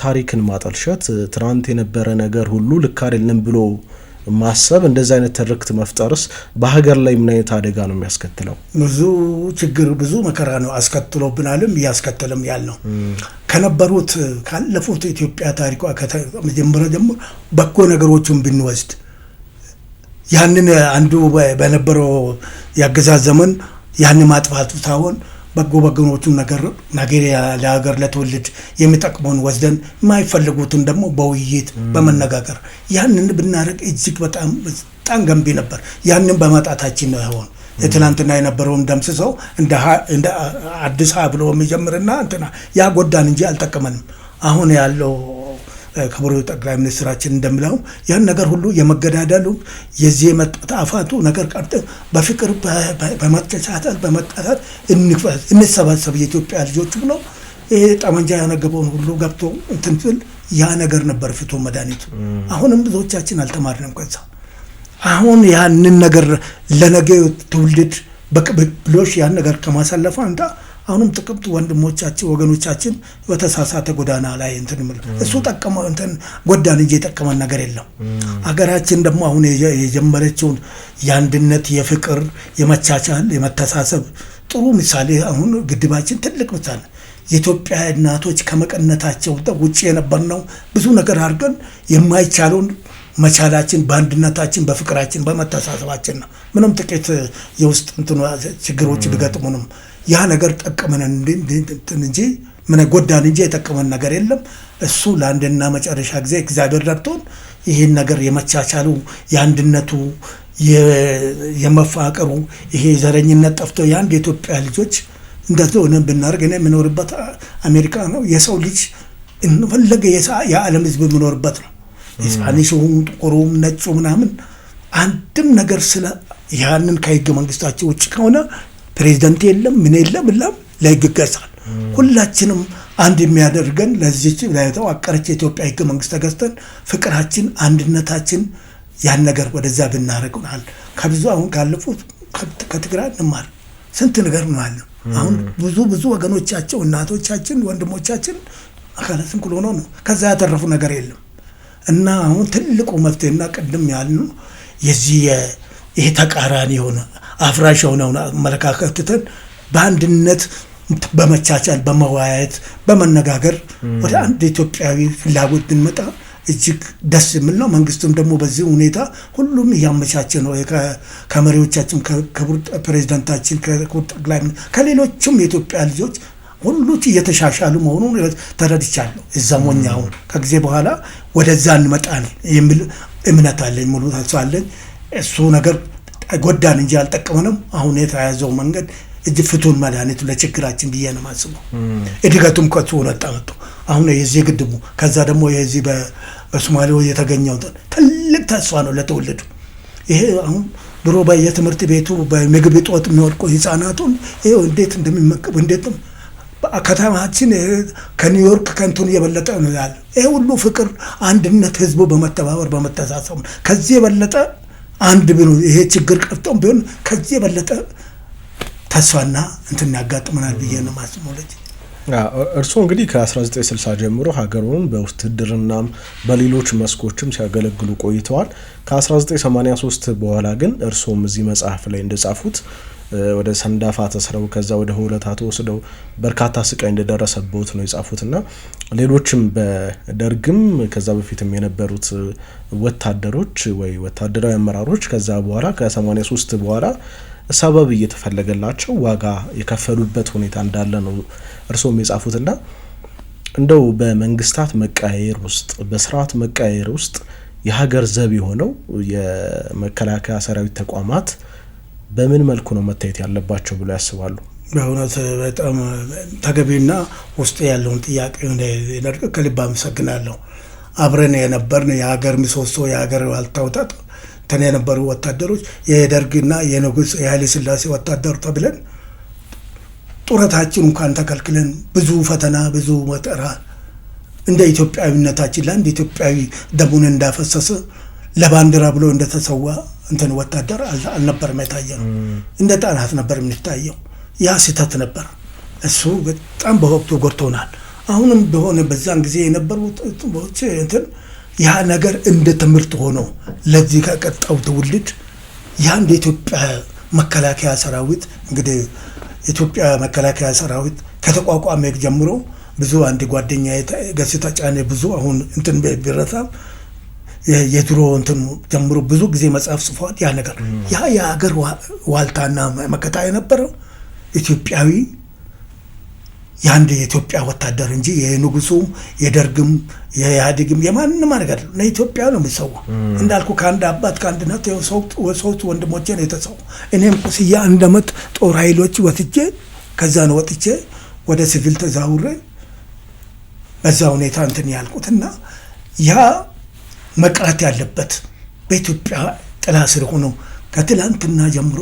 ታሪክን ማጠልሸት፣ ትናንት የነበረ ነገር ሁሉ ልክ አይደለም ብሎ ማሰብ፣ እንደዚህ አይነት ትርክት መፍጠርስ በሀገር ላይ ምን አይነት አደጋ ነው የሚያስከትለው? ብዙ ችግር ብዙ መከራ ነው አስከትሎብናልም ያል ነው ከነበሩት ካለፉት ኢትዮጵያ ታሪኳ መጀመሪያ ጀምሮ በጎ ነገሮችን ብንወስድ ያንን አንዱ በነበረው ያገዛዝ ዘመን ያን ማጥፋቱ ሳይሆን በጎ በጎኖቹን ነገር ነገር ለሀገር ለትውልድ የሚጠቅመውን ወስደን የማይፈልጉትን ደግሞ በውይይት በመነጋገር ያንን ብናደርግ እጅግ በጣም በጣም ገንቢ ነበር። ያንን በማጣታችን ነው ይሆን የትላንትና የነበረውን ደምስሰው እንደ አዲስ ሀ ብሎ የሚጀምርና እንትና ያ ጎዳን እንጂ አልጠቀመንም። አሁን ያለው ክቡር ጠቅላይ ሚኒስትራችን እንደምለው ያን ነገር ሁሉ የመገዳደሉ የዚህ የመጣፋቱ ነገር ቀርጥ በፍቅር በመተሳሰል በመጠራት እንሰባሰብ የኢትዮጵያ ልጆች ብሎ ይሄ ጠመንጃ ያነገበውን ሁሉ ገብቶ እንትን ስል ያ ነገር ነበር ፍቶ መድኃኒቱ። አሁንም ብዙዎቻችን አልተማርንም ከዛ። አሁን ያንን ነገር ለነገ ትውልድ በቅብብሎሽ ያን ነገር ከማሳለፍ አንታ አሁንም ጥቅምት ወንድሞቻችን ወገኖቻችን በተሳሳተ ጎዳና ላይ እንትን እሱ ጠቀመ እንትን ጎዳን እንጂ የጠቀመን ነገር የለም። አገራችን ደግሞ አሁን የጀመረችውን የአንድነት፣ የፍቅር፣ የመቻቻል፣ የመተሳሰብ ጥሩ ምሳሌ አሁን ግድባችን ትልቅ ምሳሌ የኢትዮጵያ እናቶች ከመቀነታቸው ውጭ ነው። ብዙ ነገር አድርገን የማይቻለውን መቻላችን በአንድነታችን በፍቅራችን በመተሳሰባችን ነው። ምንም ጥቂት የውስጥ ችግሮች ቢገጥሙንም ያ ነገር ጠቀመን እንጂ ምን ጎዳን እንጂ የጠቀመን ነገር የለም። እሱ ለአንድና መጨረሻ ጊዜ እግዚአብሔር ረድቶን ይህን ነገር የመቻቻሉ የአንድነቱ የመፋቀሩ ይሄ ዘረኝነት ጠፍቶ የአንድ የኢትዮጵያ ልጆች እንደዚህ ሆነ ብናደርግ እኔ የምኖርበት አሜሪካ ነው። የሰው ልጅ እንፈለገ የዓለም ሕዝብ የምኖርበት ነው። ስፓኒሹም፣ ጥቁሩም፣ ነጩ ምናምን አንድም ነገር ስለ ያንን ከህገ መንግስታቸው ውጭ ከሆነ ፕሬዚደንት የለም ምን የለም ላም ለህግ ይገዛል። ሁላችንም አንድ የሚያደርገን ለዚች ለተዋቀረች የኢትዮጵያ ህገ መንግስት ተገዝተን ፍቅራችን፣ አንድነታችን ያን ነገር ወደዛ ብናደርግናል። ከብዙ አሁን ካለፉት ከትግራይ እንማር ስንት ነገር ምናለ አሁን ብዙ ብዙ ወገኖቻቸው እናቶቻችን፣ ወንድሞቻችን አካለ ስንኩል ሆኖ ነው ከዛ ያተረፉ ነገር የለም እና አሁን ትልቁ መፍትሄና ቅድም ያልነው የዚህ ይሄ ተቃራኒ የሆነ አፍራሽ የሆነውን አመለካከት ትተን በአንድነት በመቻቻል በመወያየት በመነጋገር ወደ አንድ ኢትዮጵያዊ ፍላጎት ብንመጣ እጅግ ደስ የሚል ነው። መንግስቱም ደግሞ በዚህ ሁኔታ ሁሉም እያመቻቸ ነው። ከመሪዎቻችን፣ ከክቡር ፕሬዚዳንታችን፣ ከክቡር ጠቅላይ ከሌሎችም የኢትዮጵያ ልጆች ሁሉ እየተሻሻሉ መሆኑን ተረድቻለሁ። እዛ ሞኛውን ከጊዜ በኋላ ወደዛ እንመጣል የሚል እምነት አለኝ፣ ሙሉ ተስፋ አለኝ። እሱ ነገር ጎዳን እንጂ አልጠቀመንም። አሁን የተያዘው መንገድ እጅ ፍቱን መድኃኒቱ ለችግራችን ብዬ ነው የማስበው። እድገቱም ከሱ ነጣ መጡ። አሁን የዚህ ግድቡ ከዛ ደግሞ የዚህ በሶማሌ የተገኘው ትልቅ ተስፋ ነው ለተወለዱ ይሄ አሁን ድሮ በየትምህርት ቤቱ በምግብ እጦት የሚወድቁ ህፃናቱን ይኸው እንዴት እንደሚመገቡ እንዴትም ከተማችን ከኒውዮርክ ከንቱን እየበለጠ ነው ያለ። ይህ ሁሉ ፍቅር፣ አንድነት፣ ህዝቡ በመተባበር በመተሳሰብ ከዚህ የበለጠ አንድ ብሎ ይሄ ችግር ቀርቶም ቢሆን ከዚህ የበለጠ ተስፋና እንትን ያጋጥመናል ብዬ ነው ማስበው። እርስዎ እንግዲህ ከ1960 ጀምሮ ሀገሩን በውትድርናም በሌሎች መስኮችም ሲያገለግሉ ቆይተዋል። ከ1983 በኋላ ግን እርስዎም እዚህ መጽሐፍ ላይ እንደጻፉት ወደ ሰንዳፋ ተስረው ከዛ ወደ ሆለታ ተወስደው በርካታ ስቃይ እንደደረሰበት ነው የጻፉት እና ሌሎችም በደርግም ከዛ በፊትም የነበሩት ወታደሮች ወይ ወታደራዊ አመራሮች ከዛ በኋላ ከ83 በኋላ ሰበብ እየተፈለገላቸው ዋጋ የከፈሉበት ሁኔታ እንዳለ ነው እርስዎም እና እንደው በመንግስታት መቀያየር ውስጥ በስርዓት መቀያየር ውስጥ የሀገር ዘብ የሆነው የመከላከያ ሰራዊት ተቋማት በምን መልኩ ነው መታየት ያለባቸው ብሎ ያስባሉ? በእውነት በጣም ተገቢና ውስጥ ያለውን ጥያቄ ከልብ አመሰግናለሁ። አብረን የነበርን የሀገር ምሰሶ የሀገር ዋልታውታት ተን የነበሩ ወታደሮች የደርግና የንጉስ የኃይለ ስላሴ ወታደር ተብለን ጡረታችን እንኳን ተከልክለን ብዙ ፈተና ብዙ መጠራ እንደ ኢትዮጵያዊነታችን ለአንድ ኢትዮጵያዊ ደሙን እንዳፈሰሰ ለባንዲራ ብሎ እንደተሰዋ እንትን ወታደር አልነበረም የታየ ነው። እንደ ጣናት ነበር የሚታየው። ያ ስህተት ነበር። እሱ በጣም በወቅቱ ጎድቶናል። አሁንም በሆነ በዛን ጊዜ የነበሩት እንትን ያ ነገር እንደ ትምህርት ሆኖ ለዚህ ከቀጣው ትውልድ ያ እንደ ኢትዮጵያ መከላከያ ሰራዊት እንግዲህ ኢትዮጵያ መከላከያ ሰራዊት ከተቋቋመ ጀምሮ ብዙ አንድ ጓደኛ ገስታ ጫኔ ብዙ አሁን እንትን ቢረሳም የድሮ እንትኑ ጀምሮ ብዙ ጊዜ መጽሐፍ ጽፏል። ያ ነገር ያ የሀገር ዋልታና መከታ የነበረው ኢትዮጵያዊ የአንድ የኢትዮጵያ ወታደር እንጂ የንጉሱም የደርግም የኢህአዴግም የማንም ነገር ለኢትዮጵያ ነው የሚሰው። እንዳልኩ ከአንድ አባት ከአንድ እናት ሶስት ወንድሞቼ ነው የተሰው። እኔም ቁስያ አንድ ዓመት ጦር ኃይሎች ወትቼ ከዛ ነው ወጥቼ ወደ ሲቪል ተዛውሬ በዛ ሁኔታ እንትን ያልቁትና ያ መቅረት ያለበት በኢትዮጵያ ጥላ ስር ሆኖ ከትላንትና ጀምሮ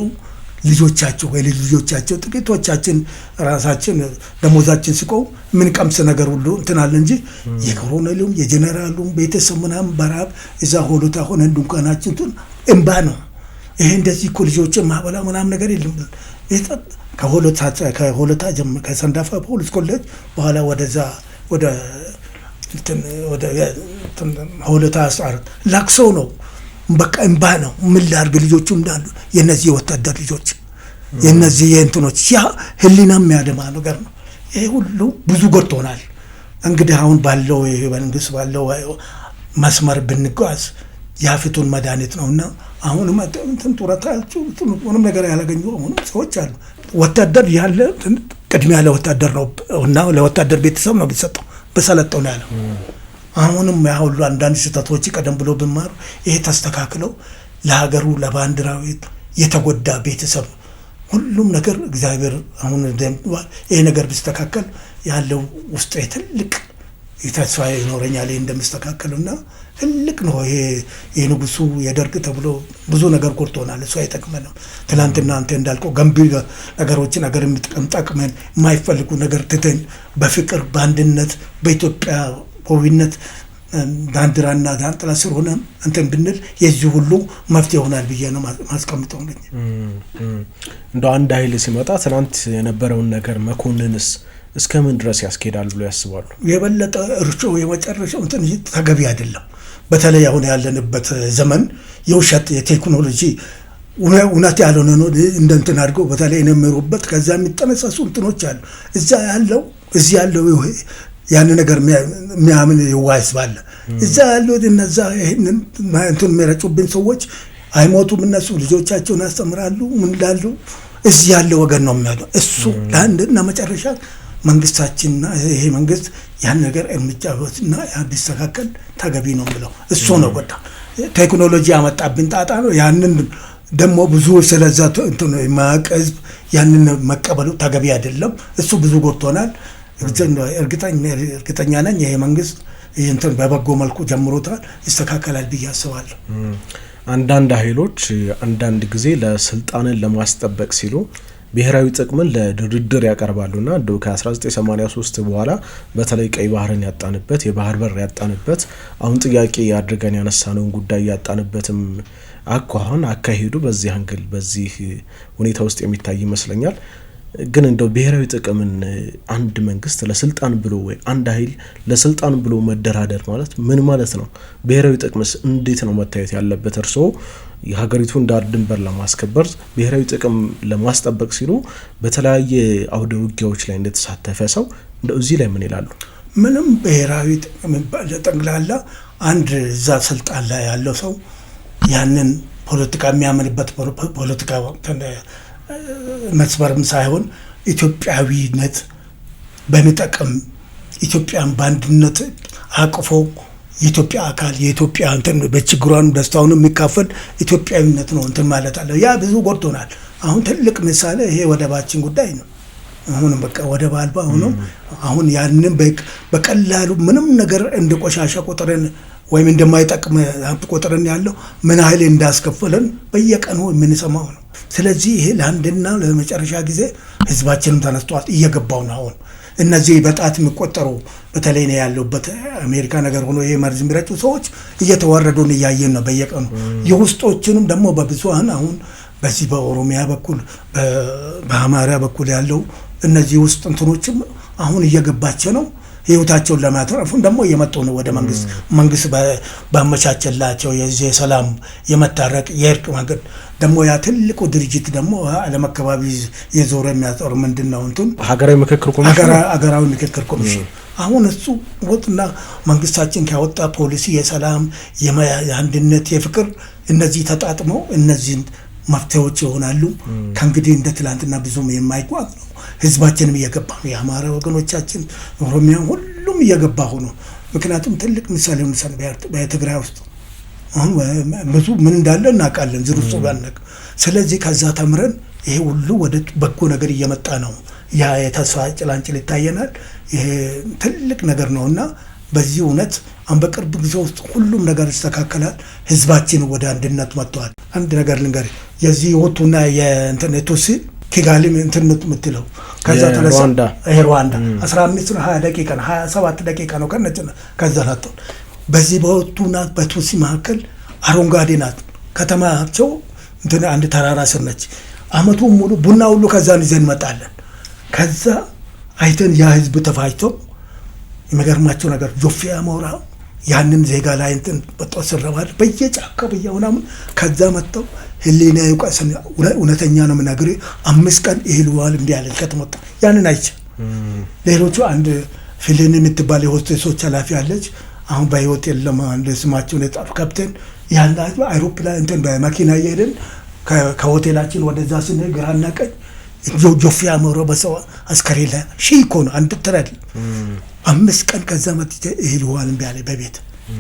ልጆቻቸው ወይ ልጆቻቸው ጥቂቶቻችን ራሳችን ደሞዛችን ስቀው ምን ቀምስ ነገር ሁሉ እንትናለ እንጂ የኮሎኔሉም የጀኔራሉም ቤተሰብ ምናምን በረሃብ እዛ ሆሎታ ሆነን ድንኳናችን እምባ ነው። ይሄ እንደዚህ እኮ ልጆችን ማበላ ምናምን ነገር የለም። ከሆሎታ ከሰንዳፋ ፖሊስ ኮሌጅ በኋላ ወደዛ ወደ ሁለት አስራት ላክሶ ነው በቃ እምባ ነው። ምን ላድርግ? ልጆቹ እንዳሉ የነዚህ የወታደር ልጆች የነዚህ የእንትኖች ያ ህሊና የሚያደማ ነገር ነው። ይህ ሁሉ ብዙ ጎድቶናል። እንግዲህ አሁን ባለው መንግስት ባለው መስመር ብንጓዝ የፍቱን መድኃኒት ነው እና አሁንም እንትን ጡረታችሁ ምንም ነገር ያላገኙ ሆኑ ሰዎች አሉ። ወታደር ያለ ቅድሚያ ለወታደር ነው እና ለወታደር ቤተሰብ ነው የሚሰጠው በሰለጠው ነው አሁንም ያ ሁሉ አንዳንድ ስህተቶች ቀደም ብሎ ብማሩ ይሄ ተስተካክለው ለሀገሩ ለባንዲራው የተጎዳ ቤተሰብ ሁሉም ነገር እግዚአብሔር አሁን ይሄ ነገር ቢስተካከል ያለው ውስጥ ትልቅ ተስፋ ይኖረኛል ትልቅ ነው። የንጉሱ የደርግ ተብሎ ብዙ ነገር ቆርጦናል። እሱ አይጠቅመንም። ትናንትና አንተ እንዳልከው ገንቢ ነገሮችን አገር ጠቅመን የማይፈልጉ ነገር ትተን በፍቅር በአንድነት በኢትዮጵያዊነት ባንዲራና ጃንጥላ ስር ሆነ እንትን ብንል የዚህ ሁሉ መፍትሄ ይሆናል ብዬ ነው ማስቀምጠው። እንደ አንድ ኃይል ሲመጣ ትናንት የነበረውን ነገር መኮንንስ እስከ ምን ድረስ ያስኬዳል ብሎ ያስባሉ? የበለጠ እርሾ የመጨረሻው እንትን ተገቢ አይደለም። በተለይ አሁን ያለንበት ዘመን የውሸት የቴክኖሎጂ እውነት ያልሆነ እንደ እንትን አድርገው በተለይ የነምሩበት ከዛ የሚጠነሰሱ እንትኖች አሉ። እዛ ያለው እዚህ ያለው ያን ነገር የሚያምን ይዋይስ ባለ እዛ ያለው እነዛ ይህንን እንትን የሚረጩብን ሰዎች አይሞቱም። እነሱ ልጆቻቸውን ያስተምራሉ። ምን ላሉ እዚህ ያለ ወገን ነው የሚያሉ እሱ ለአንድና መጨረሻ መንግስታችንና ይሄ መንግስት ያን ነገር እርምጃ ቢወስድና ቢስተካከል ተገቢ ነው ብለው እሱ ነው ጎዳ ቴክኖሎጂ ያመጣብን ጣጣ ነው። ያንን ደግሞ ብዙ ስለዛ የማያውቅ ህዝብ ያንን መቀበሉ ተገቢ አይደለም። እሱ ብዙ ጎድቶናል። እርግጠኛ ነኝ ይሄ መንግስት ይህንትን በበጎ መልኩ ጀምሮታል፣ ይስተካከላል ብዬ አስባለሁ። አንዳንድ ኃይሎች አንዳንድ ጊዜ ለስልጣንን ለማስጠበቅ ሲሉ ብሔራዊ ጥቅምን ለድርድር ያቀርባሉና ከ1983 በኋላ በተለይ ቀይ ባህርን ያጣንበት የባህር በር ያጣንበት አሁን ጥያቄ አድርገን ያነሳነውን ጉዳይ ያጣንበትም አኳኋን አካሄዱ በዚህ አንግል በዚህ ሁኔታ ውስጥ የሚታይ ይመስለኛል። ግን እንደው ብሔራዊ ጥቅምን አንድ መንግስት ለስልጣን ብሎ ወይ አንድ ኃይል ለስልጣን ብሎ መደራደር ማለት ምን ማለት ነው? ብሔራዊ ጥቅምስ እንዴት ነው መታየት ያለበት? እርስዎ የሀገሪቱን ዳር ድንበር ለማስከበር ብሔራዊ ጥቅም ለማስጠበቅ ሲሉ በተለያየ አውደ ውጊያዎች ላይ እንደተሳተፈ ሰው እዚህ ላይ ምን ይላሉ? ምንም ብሔራዊ ጥቅም ጠቅላላ አንድ እዛ ስልጣን ላይ ያለው ሰው ያንን ፖለቲካ የሚያምንበት ፖለቲካ መስመርም ሳይሆን ኢትዮጵያዊነት በሚጠቅም ኢትዮጵያን በአንድነት አቅፎ የኢትዮጵያ አካል የኢትዮጵያ እንትን በችግሯን ደስታውን የሚካፈል ኢትዮጵያዊነት ነው እንትን ማለት አለ። ያ ብዙ ጎድቶናል። አሁን ትልቅ ምሳሌ ይሄ ወደባችን ጉዳይ ነው። አሁንም በቃ ወደብ አልባ ሆኖ አሁን ያንን በቀላሉ ምንም ነገር እንደ ቆሻሻ ቁጥርን ወይም እንደማይጠቅም ሀብት ቁጥርን ያለው ምን ያህል እንዳስከፈለን በየቀኑ የምንሰማው ነው። ስለዚህ ይሄ ለአንድና ለመጨረሻ ጊዜ ህዝባችንም ተነስቷል፣ እየገባው ነው አሁን እነዚህ በጣት የሚቆጠሩ በተለይ ነው ያለሁበት አሜሪካ ነገር ሆኖ ይሄ መርዝ የሚረጩ ሰዎች እየተዋረዱን እያየን ነው በየቀኑ የውስጦችንም ደግሞ በብዙሀን አሁን በዚህ በኦሮሚያ በኩል በአማራ በኩል ያለው እነዚህ ውስጥ እንትኖችም አሁን እየገባቸው ነው ህይወታቸውን ለማትረፉን ደግሞ እየመጡ ነው ወደ መንግስት። መንግስት ባመቻቸላቸው የሰላም የመታረቅ የእርቅ መንገድ ደግሞ ያ ትልቁ ድርጅት ደግሞ ዓለም አካባቢ የዞረ የሚያጠሩ ምንድን ነው እንትን ሀገራዊ ምክክር ኮሚሽን ሀገራዊ ምክክር ኮሚሽን አሁን እሱ ወጥና መንግስታችን ካወጣ ፖሊሲ የሰላም የአንድነት፣ የፍቅር እነዚህ ተጣጥመው እነዚህን መፍትሄዎች ይሆናሉ። ከእንግዲህ እንደ ትላንትና ብዙም የማይጓዝ ነው። ህዝባችንም እየገባ ነው። የአማራ ወገኖቻችን ኦሮሚያ፣ ሁሉም እየገባ ሆኖ ምክንያቱም ትልቅ ምሳሌ ሆነ በትግራይ ውስጥ አሁን ብዙ ምን እንዳለ እናውቃለን። ዝርሱ ባነቅ ስለዚህ ከዛ ተምረን ይሄ ሁሉ ወደ በጎ ነገር እየመጣ ነው። ያ የተስፋ ጭላንጭል ይታየናል። ይሄ ትልቅ ነገር ነው እና በዚህ እውነት አሁን በቅርብ ጊዜ ውስጥ ሁሉም ነገር ይስተካከላል። ህዝባችን ወደ አንድነት መጥተዋል። አንድ ነገር ልንገር፣ የዚህ ወቱና የኢንተርኔቱ ሲ ኪጋሊም ኢንተርኔት የምትለው ከዛ ተነሳ ሩዋንዳ አስራ አምስት ሀያ ደቂቃ ነው ሀያ ሰባት ደቂቃ ነው ከነጭ ከዛ ናቸው። በዚህ በወቱና በቱሲ መካከል አረንጓዴ ናት ከተማቸው እንትን አንድ ተራራ ስር ነች። አመቱን ሙሉ ቡና ሁሉ ከዛን ይዘን እንመጣለን። ከዛ አይተን ያ ህዝብ ተፋጅቶ የሚገርማቸው ነገር ጆፊያ ሞራ ያንን ዜጋ ላይ እንትን በጦር ስለማድረግ በየጫካ በያ ከዛ መጥተው ህሊና ይውቀስ እውነተኛ ነው የምነግርህ። አምስት ቀን ይህልዋል ውሃል እንዲ ያለኝ ከተመጣ ያንን አይቼ ሌሎቹ አንድ ፊልን የምትባል የሆስቴሶች ኃላፊ አለች። አሁን በህይወት የለም። አንድ ስማቸውን የጻፍ ከብቴን ያን አይሮፕላን እንትን በመኪና እየሄድን ከሆቴላችን ወደዛ ስንሄድ ግራና ቀኝ ጆፌ አመሮ በሰው አስከሬላ ሺ እኮ ነው አንድ ትር አምስት ቀን ከዛ መጥቼ እህል ውሃን ቢያለ በቤት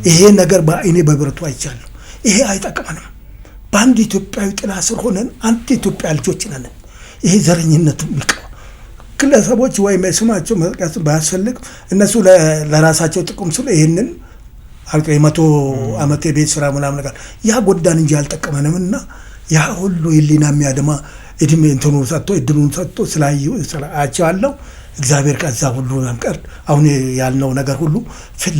ይሄ ነገር በአይኔ በብረቱ አይቻለሁ። ይሄ አይጠቅመንም። በአንድ ኢትዮጵያዊ ጥላ ስር ሆነን አንድ ኢትዮጵያ ልጆች ነን። ይሄ ዘረኝነቱ ይቀ ግለሰቦች ወይም ስማቸው መጥቀስ ባያስፈልግ እነሱ ለራሳቸው ጥቅም ስሉ ይህንን አልቀ የመቶ ዓመት የቤት ስራ ምናምን ነገር ያ ጎዳን እንጂ አልጠቀመንም እና ያ ሁሉ ህሊና የሚያደማ እድሜ እንትኑን ሰጥቶ እድሉን ሰጥቶ ስላያቸዋለሁ እግዚአብሔር ከዛ ሁሉ አንቀር አሁን ያልነው ነገር ሁሉ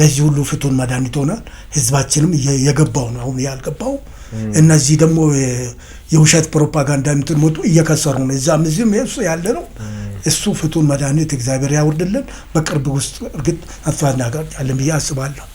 ለዚህ ሁሉ ፍቱን መድኃኒት ሆናል። ህዝባችንም የገባው ነው። አሁን ያልገባው እነዚህ ደግሞ የውሸት ፕሮፓጋንዳ ሞቱ እየከሰሩ ነው። እዛም እዚህም እሱ ያለ ነው። እሱ ፍቱን መድኃኒት እግዚአብሔር ያውርድልን። በቅርብ ውስጥ እርግጥ አስፋ እናገኛለን ብዬ አስባለሁ።